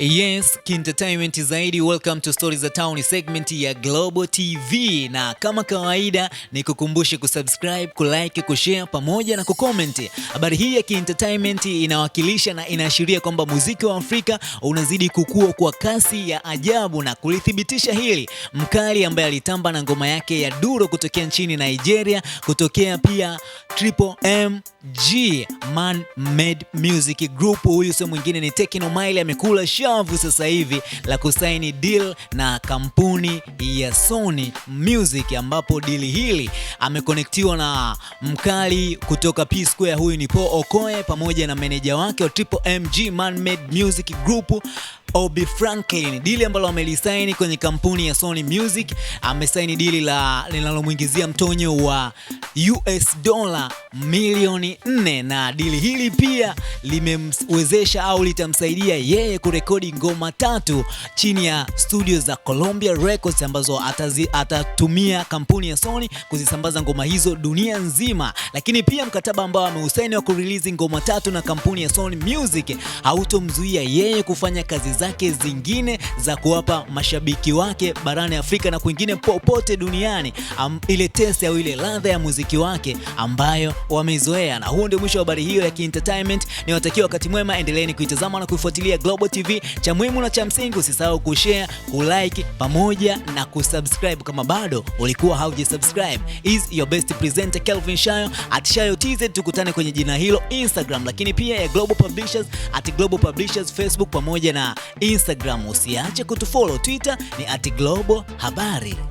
Yes, Kintertainment zaidi. Welcome to Stories za Town, segment ya Global TV, na kama kawaida ni kukumbushe kusubscribe, kulike, kushare pamoja na kucomment. Habari hii ya Kintertainment inawakilisha na inaashiria kwamba muziki wa Afrika unazidi kukua kwa kasi ya ajabu, na kulithibitisha hili mkali ambaye alitamba na ngoma yake ya Duro kutokea nchini Nigeria, kutokea pia Triple MG Man Made Music Group. Huyu sio mwingine ni Tekno Mile, amekula shia mkavu sasa hivi la kusaini deal na kampuni ya Sony Music, ambapo deal hili amekonektiwa na mkali kutoka P Square, huyu ni Paul Okoye pamoja na meneja wake wa Triple MG Man Made Music Group Obi Franklin, dili ambalo amelisaini kwenye kampuni ya Sony Music. Amesaini dili la linalomwingizia mtonyo wa US dola milioni 4, na dili hili pia limemwezesha au litamsaidia yeye kurekodi ngoma tatu chini ya studio za Columbia Records ambazo atazi, atatumia kampuni ya Sony kuzisambaza ngoma hizo dunia nzima, lakini pia mkataba ambao ameusaini wa kurelease ngoma tatu na kampuni ya Sony Music hautomzuia yeye kufanya kazi zake zingine za kuwapa mashabiki wake barani Afrika na kwingine popote duniani am, ile test au ile ladha ya muziki wake ambayo wamezoea Na huo ndio mwisho wa habari hiyo ya kientertainment. Ni watakia wakati mwema, endeleeni kuitazama na kuifuatilia Global TV. Cha muhimu na cha msingi, usisahau kushare, kulike pamoja na kusubscribe kama bado ulikuwa haujisubscribe. Is your best presenter Kelvin Shayo at Shayo TZ, tukutane kwenye jina hilo Instagram, lakini pia ya Global Publishers at Global Publishers Facebook pamoja na Instagram usiache kutufollow, Twitter ni @global habari.